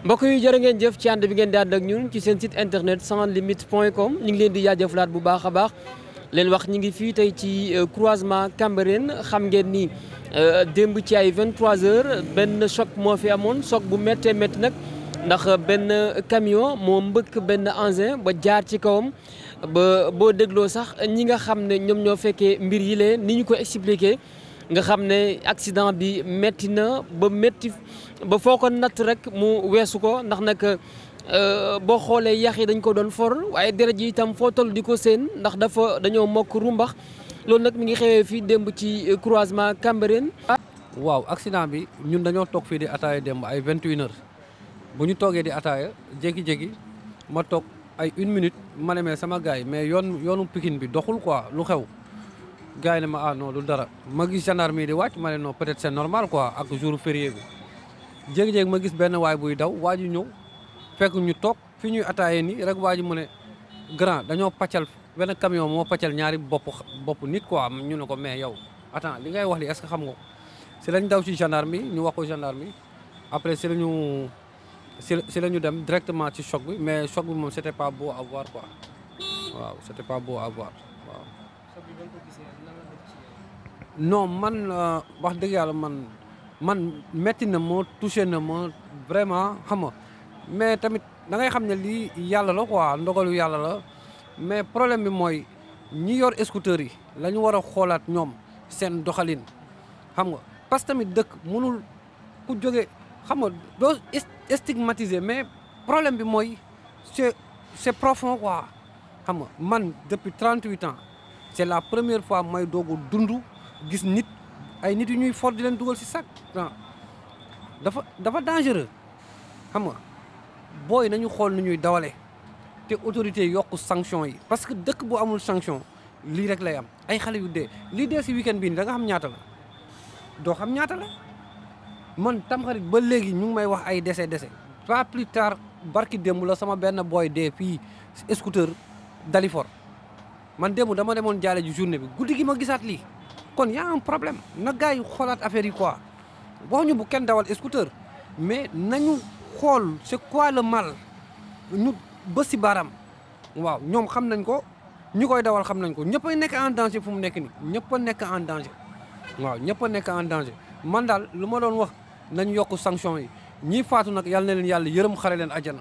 mbokk yu jërë ngeen jëf ci ànd bi ngeen di ànd ak ñun ci seen site internet sans limite point com ñu ngi leen di jaajëfalaat bu baax a baax leen wax ñu ngi fii tey ci euh, croisement Cambérène xam ngeen ni euh, démb ci ay 23h benn sock moo fi amoon choc bu méttee métti nag ndax euh, benn camion moo mbëkk benn engin ba jaar ci kawam ba boo dégloo sax ñi nga xam ne ñoom ñoo fekkee mbir yi lee ni ñu ko expliqué. nga xam ne accident bi métti na ba métti ba foo ko natt rek mu weesu ko ndax nag euh, boo xoolee yax yi dañ ko doon for waaye deret ji itam foo toll di ko seen ndax dafa dañoo mokk rumbax loolu nag mi ngi xewee fii démb ci croisement Cambérène waaw accident bi ñun dañoo toog fii di ataaya démb ay vingt une bu ñu toogee di ataaya jékki-jékki ma toog ay une minute ma ne mais sama gars yi mais yoon yoonu Pikine bi doxul quoi lu xew gars yi ne ma ah non lu dara ma gis gendarme yi di wàcc ma ne non peut-être c'est normal quoi ak jour férié bi jéegi-jéegi ma gis benn waay buy daw waa ji ñëw fekk ñu toog fi ñuy ataayee nii rek waa ji mu ne grand dañoo pàccal benn camion moo paccal ñaari bopp bopp nit quoi ñu ne ko mais yow attends li ngay wax li est-ce que xam nga est lañ daw ci gendarme yi ñu wax ko gendarme yi après si lañu si si la ñu dem directement ci choc bi mais choc bi moom c'était pas beau quoi waaw c'était pas beau non man euh, wax dëgg yàlla man man métti na ma touché na ma vraiment xam nga mais tamit da ngay xam ne lii yàlla la quoi ndogalu yàlla la mais problème bi mooy ñi yor scooters yi la ñu war a xoolaat ñoom seen doxalin xam nga parce que tamit dëkk mënul ku jóge xam nga doo stigmatiser mais problème bi mooy c'est c'est profond quoi xam nga man depuis 38 ans c'est la première fois may doogu dund gis nit ay nit yu ñuy for di leen dugal si sac dafa dafa dangereux xam nga booy nañu xool nu ñuy dawale te autorité yokk sanction yi parce que dëkk bu amul sanction lii rek lay am ay xale yu dee lii dee si weekend bii nii da xam ñaata la doo xam ñaata la man tamxarit ba léegi ñu ngi may wax ay dese dese pas plus tard barki démb la sama benn booy dee fii scooter Dalifort man demu dama demoon jaale ji journée bi guddi gi ma gisaat lii kon y' a problème na gars xoolaat affaire yi quoi waxuñu bu kenn dawal scooter mais nañu xool c' est quoi le mal ba si baaraam waaw ñoom xam nañ ko ñu koy dawal xam nañ ko ñëpp a nekk en danger fu mu nekk nii ñëpp nekk en danger waaw ñëpp a nekk en danger man daal lu ma doon wax nañu yokk sanction yi ñi faatu nag yàlla na leen yàlla yërëm xare leen ajana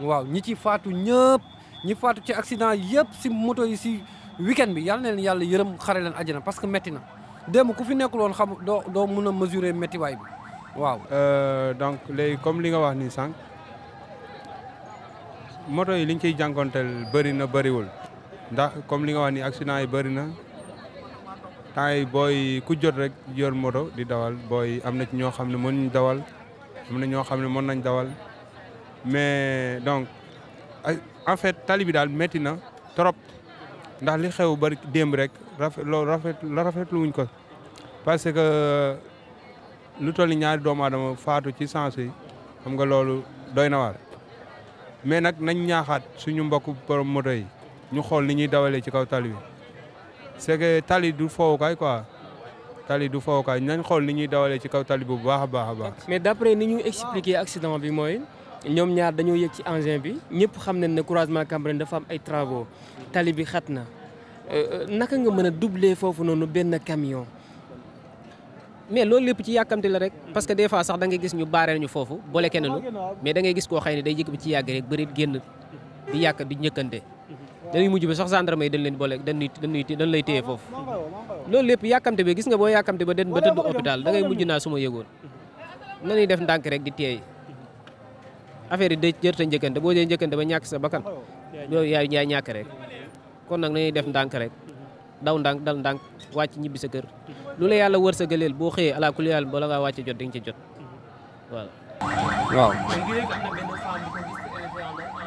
waaw ñi ci faatu ñëpp ñi faatu ci accident yëpp si moto si. weekend bi yàlla na leen yàlla yërëm xare leen àjjana parce que métti na démb ku fi nekkul woon xam doo doo mën a mesurer méttiwaay bi waaw. Euh, donc léegi comme li nga wax nii sànq moto yi liñ ciy jànkonteel bëri na bëriwul. ndax comme li nga wax nii accident yi bëri na temps yi booy ku jot rek yor moto di dawal booy am na ci ñoo xam ne mënuñ dawal am na ñoo xam ne mën nañ dawal mais donc en fait tali daal métti na trop. ndax li xew bari démb rek rafet loo rafet la rafetlu wuñ ko parce que lu toll ñaari doomu aadama faatu ci sens yi xam nga loolu doy na waar mais nag nañ ñaaxaat suñu mbokku borom moto yi ñu xool ni ñuy dawalee ci kaw tali bi c'est que tali du fowukaay quoi tali du fowukaay nañ xool ni ñuy dawalee ci kaw tali bu baax a baax a baax. mais d'après ni ñu expliqué accident bi mooy. ñoom ñaar dañoo yëg ci engin bi ñëpp xam nañ ne croisement Cambérène dafa am ay travaux tali bi xat na euh, euh, naka nga mën a doubler foofu noonu benn camion. mais loolu ci yàkkamti la rek parce que des fois da ngay gis ñu baareel ñu foofu boole keneen mais da ngay gis koo xëy ne day jëkk bi ci yàgg rek bëri génn di yàq di ñëkkante ba sax gendarme yi leen boole dañ dañuy dañ lay téye foofu loolu lépp yàkkamte bi gis nga boo yàkkamte ba den ba tëdd hôpital da ngay mujj naa su ma yëgoon nañuy def ndànk rek di teey affaire yi day jërta njëkkante boo dee njëkkante ba ñàkk sa bakkan loolu yaay yaay ñàkk rek kon nag nañuy def ndànk rek daw ndànk dal ndànk wàcc ñibbi sa kër lu la yàlla wër sa boo xëyee ala kulli yàlla bala ngaa wàcc jot di nga ci jot voilà waaw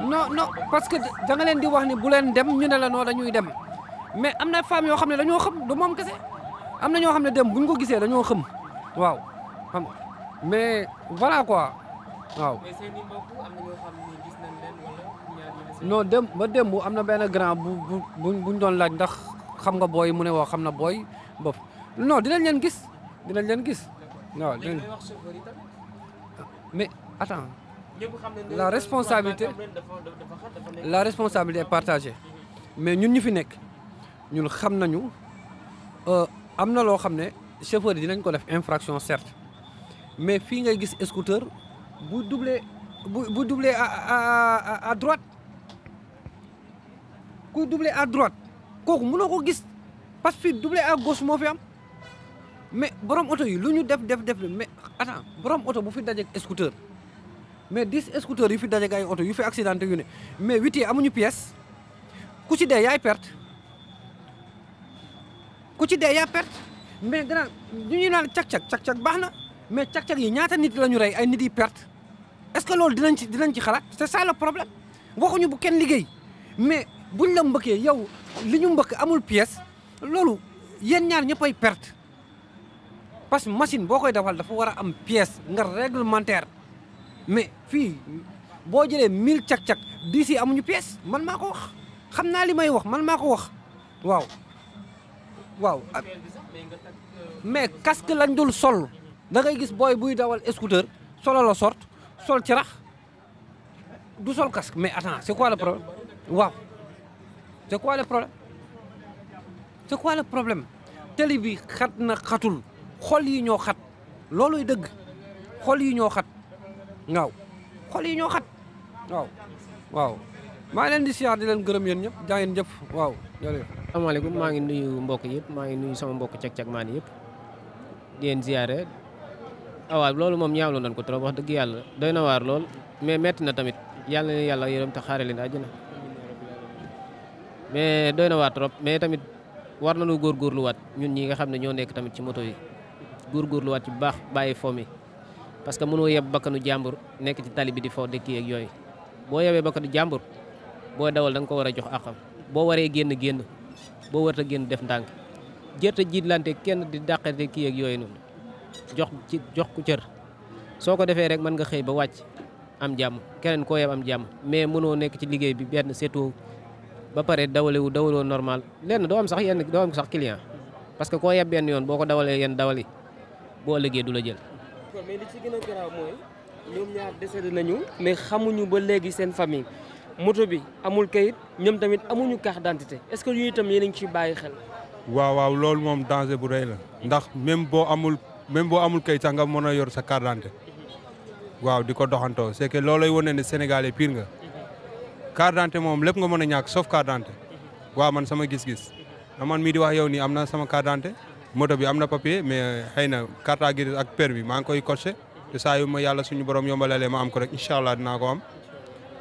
non non parce que da nga leen di wax ni bu leen dem ñu ne la noo dañuy dem mais am na femme yoo xam ne dañoo xam du moom kese am na ñoo xam ne dem buñ ko gisee dañoo xam waaw mais voilà quoi waaw mais seen i mbokk am na dem ba démb am na benn grand bu bu buñ doon laaj ndax xam nga booy mu ne woo xam na booy bopp non dinañ leen gis dinañ leen gis. waaw dinañ ah, mais attends la responsabilité la responsabilité est partagée mhm. mais ñun ñu fi nekk ñun xam nañu euh, am na loo xam ne chauffeur yi dinañ ko def infraction certes mais fii ngay gis scooter. bu doublé bu bu doublé à à à droite ku doublé à droite kooku mënoo ko gis parce que doublé a gos moo fi am mais borom oto yi lu ñu def def def mais attends borom oto bu fi dajeeg scooter mais dix scooter yu fi dajeeg ay oto yu fi accidenté yu ne mais huit yi amuñu pièce ku ci dee yaay perte ku ci dee yaay perte mais gannaaw ñu ñuy naan cag-cag cag-cag baax na mais cag-cag yi ñaata nit la ñu rey ay nit yi perte. est-ce que loolu dinañ ci dinañ ci xalaat c'est ça le problème waxuñu bu kenn liggéey mais buñ la mbëkkee yow li ñu mbëkk amul pièce loolu yéen ñaar ñëppay perte parce que machine boo koy dawal dafa war a am pièce nga réglementaire mais fii boo jëlee mille cak-cak dii si amuñu pièce man maa wax xam naa li may wax man maa ko wax waaw waaw mais casque lañ dul sol da ngay gis booy buy dawal scooter solo la sorte sol ci du sol casque mais attends c'est quoi le problème waaw c'est quoi le problème c'est quoi problème tali bi xat na xatul xol yi ñoo xat looluy dëgg xol yi ñoo xat waaw xol yi ñoo xat waaw waaw maa leen di siyaar di leen gërëm yen ñëpp jaa ngeen jëf waaw jërëjëf asalaamaaleykum maa ngi nuyu mbokk yëpp maa ngi nuyu sama mbokk cek-cek maan yëpp di leen ziyaare Ah, waaw loolu moom ñaawlu nañ ko trop wax dëgg yàlla doy na waar lool mais metti na tamit yàlla yàlla yërëm te xaare leen àjjana mais doy na waar trop mais tamit war nañu góorgóorluwaat ñun ñi nga xam ne ñoo nekk tamit ci moto yi góorgóorluwaat ci bu baax bàyyi fo mi parce que mënoo yeb bakkanu jàmbur nekk ci tali bi di fo dëkk yeeg yooyu boo yebee bakkanu jàmbur boo dawal danga ko war a jox àqam boo waree génn génn boo warta génn def ndànk jërta jiitlante kenn di dàqate kii yeeg yooyu noonu jox ci jox ku cër soo ko defee rek mën nga xëy ba wàcc am jàmm keneen koo yem am jàmm mais mënoo nekk ci liggéey bi benn seetoo ba pare dawalewu dawaloo normal lenn doo am sax yenn doo am sax client parce que koo yeb benn yoon boo ko dawalee yenn dawali boo ëllëgee du la jël. mais nañu mais xamuñu ba léegi seen famille moto bi amul kayit ñoom tamit amuñu carte d'identité est-ce que yooyu itam yéen ciy bàyyi xel. waaw waaw loolu moom danger bu rëy ndax même boo amul même boo amul kayit sax nga mën a yor sa carte waaw di ko doxantoo c'est que loolay wane ne Sénégalais pire nga carte d'identité moom lépp nga mën a ñàkk sauf carte d'identité waaw man sama gis-gis man mii di wax yow nii am na sama carte d'identité moto bi am na papier mais xëy na carte grise ak permis maa ngi koy coché te saa yu ma yàlla suñu borom yombalalee ma am ko rek incha allah dinaa ko am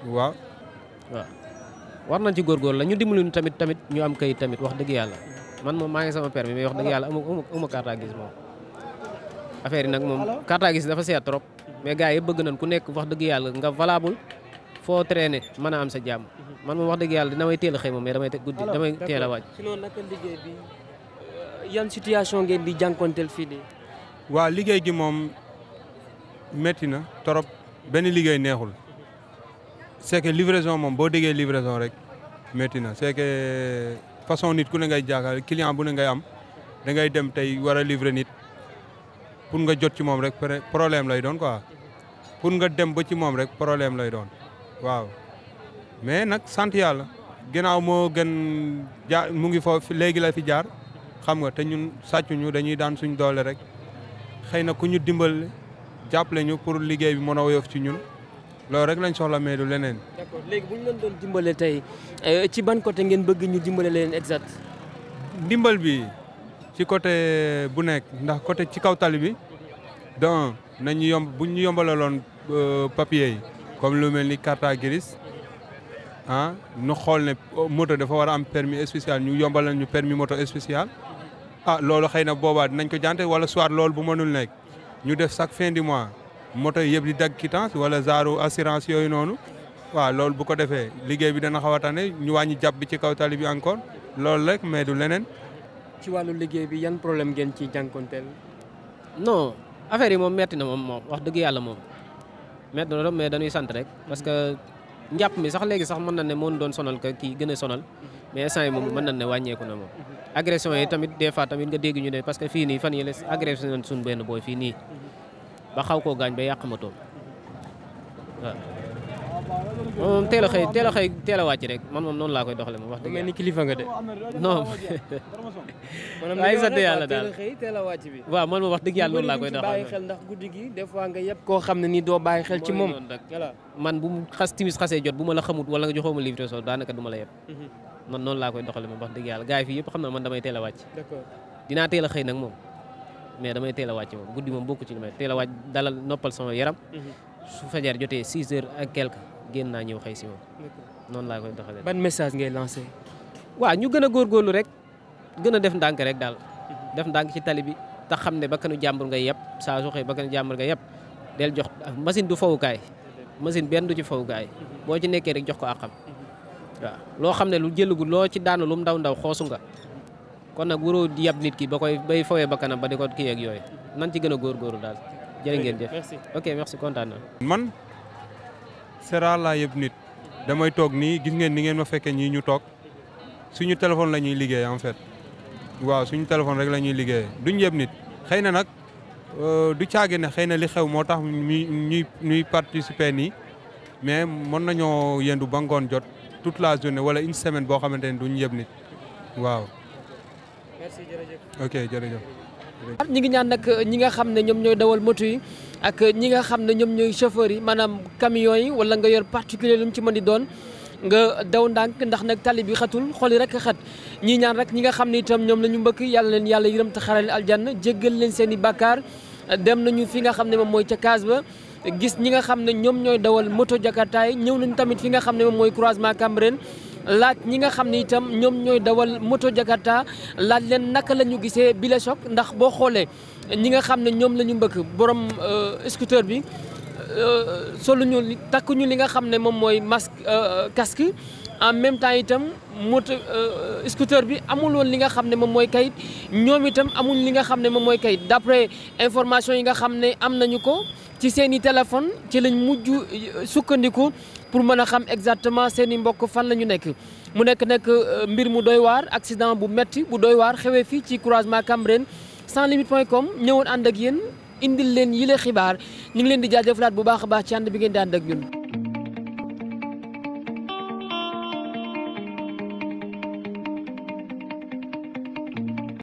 waaw. waaw war nañ ci góorgóorlu la ñu dimbali ñu tamit tamit ñu am kayit tamit wax dëgg yàlla man moom maa ngi sama permis mais wax dëgg yàlla amu amu carte grise moom. affaire yi nag moom carte gis dafa seet trop mais gars yi bëgg nañ ku nekk wax dëgg yàlla nga valable foo traîner mën a am sa jàmm man moom wax dëgg yàlla damay teel a xëy moom mais damay guddi damay teel a wàcc. sinon naka liggéey bi euh, yan situation ngeen di jànkonteel fii nii. waaw liggéey gi moom métti na trop benn liggéey neexul c'est que moom boo déggee livraison rek métti na c'est que façon nit ku ne ngay jaakaar client bu ne ngay am da ngay dem tey war a livrer nit. pour nga jot ci moom rek problème lay doon ko pour nga dem ba ci moom rek problème lay doon waaw mais nag sant yàlla ginnaaw moo gën jaar mu ngi foofu léegi la fi jaar xam nga te ñun sàccuñu dañuy daan suñ doole rek xëy na ku ñu dimbal jàppale ñu pour liggéey bi mën a woyof ci ñun loolu rek lañ soxla mais du leneen. bu ñu leen doon dimbale tey eh, ci ban côté ngeen bëgg ñu dimbale leen exact. dimbal bi. ci côté bu nekk ndax côté ci kaw talibi don na nañu yomb bu ñu yombalaloon euh, papier yi comme lu mel ni carte grise ah nu xool ne oh, moto dafa war am permis spécial ñu yombalal ñu permis moto spécial. ah loolu xëy na boobaa dinañ ko jante wala soit loolu bu mënul nekk ñu def chaque fin du mois moto yëpp di dagg quittance wala zaaru assurance yooyu noonu waaw loolu bu ko defee liggéey bi dana xaw a ñu wàññi jàpp bi ci kaw tali bi encore loolu rek mais leneen. ci wàllu liggéey bi yan problème ngeen ci jànkonteel. non affaire yi moom metti na moom moom wax dëgg yàlla moom metti na mais dañuy sant rek parce que njàpp mi sax léegi sax mën na ne moo doon sonal ka kii gën a sonal mais instant yi moom mën na ne wàññeeku na moom. agression yi tamit des fois tamit nga dégg ñu ne parce que fii nii fan yii la agression nañ suñu benn booy fii nii ba xaw koo gaañ ba yàq ma tool waaw. moom teel a xëy teel a xëy teel a wàcc rek man moom noonu laa koy doxale moom wax dëgg mel ni kilifa nga de non waaye sant yàlla a wàcc bi waaw man moom wax dëgg yàlla noonu laa koy doxale bàyyi xel ndax guddi gi des fois nga yëpp koo xam ne nii doo bàyyi xel ci moom man bu xas timis xasee jot bu ma la xamut wala nga joxoo ma livre so daanaka ma la yëpp mhm. man noonu laa koy doxale moom wax dëgg yàlla gars yi yëpp xam na man damay teel a dinaa teel a xëy nag moom mais damay teel a wàcc moom guddi moom bokku ci li may teel a noppal sama yaram mhm. su fajar jotee six heures ak quelque génn naa ñëw xëy si noonu laa koy doxalee. ban message ngay lancé. waa ñu gën a góorgóorlu rek gën a def ndànk rek daal def ndànk ci tali bi te xam ne bakkanu jàmbur nga yëpp saa su xëy bakkanu jàmbur nga yëpp del jox machine du fawukaay machine benn du ci fawukaay boo ci nekkee rek jox ko àqam waaw loo xam ne lu jëlugul loo ci daanu lu ndaw ndaw xoosu nga kon nag waroo di yab nit ki ba koy bay fawee bakkanam ba di ko kii ak yooyu nan ci gën a góorgóorlu daal c'est rare laa yëpp damay toog nii gis ngeen ni ngeen ma fekke ñii ñu toog suñu téléphone la ñuy liggéey en fait waaw suñu téléphone rek la ñuy liggéey duñ yëpp nit xëy na nag euh, du caage ne xëy na li xew moo tax ñuy ñuy ñuy participer nii mais mën nañoo yendu ba ngoon jot toute la journée wala une semaine boo xamante ne duñ yëpp nit waaw. merci jërëjëf ñi nga xam ne ñoom ñooy dawal moto ak ñi nga xam ne ñoom ñooy chauffeurs yi maanaam camions yi wala nga yor particulier lu mu ci mën di doon nga daw ndànk ndax nag tali bi xatul xol yi rek xat ñii ñaan rek ñi nga xam ne itam ñoom la ñu mbëkk yàlla leen yàlla yërëm xaral xarale aljanna jéggal leen seen i dem nañu fi nga xam ne moom mooy ca kaas ba gis ñi nga xam ne ñoom ñooy dawal moto jakartaay ñëw nañu tamit fi nga xam ne moom mooy croisement Cambérène laaj ñi nga xam ne itam ñoom ñooy dawal moto Jakarta laaj leen naka la ñu gisee bi la choc ndax boo xoolee ñi nga xam ne ñoom la ñu mbëkk borom euh, scooter bi euh, soluñu takkuñu li nga xam ne moom mooy masque euh, casque en même temps itam moto scooter bi amul woon li nga xam ne moom mooy kayit ñoom itam amul li nga xam ne moom mooy kayit d'après information yi nga xam ne am nañu ko ci seeni téléphone ci lañ mujj sukkandiku pour mën a xam exactement seeni mbokk fan la ñu nekk mu nekk nag euh, mbir mu doy waar accident bu metti bu doy waar xewee fii ci croisement Cambérène sans limite point com ñëwoon ànd ak yéen indil leen yile xibaar ñu ngi leen di jaajëfalaat bu baax a baax ci ànd bi ngeen di ànd ak ñun.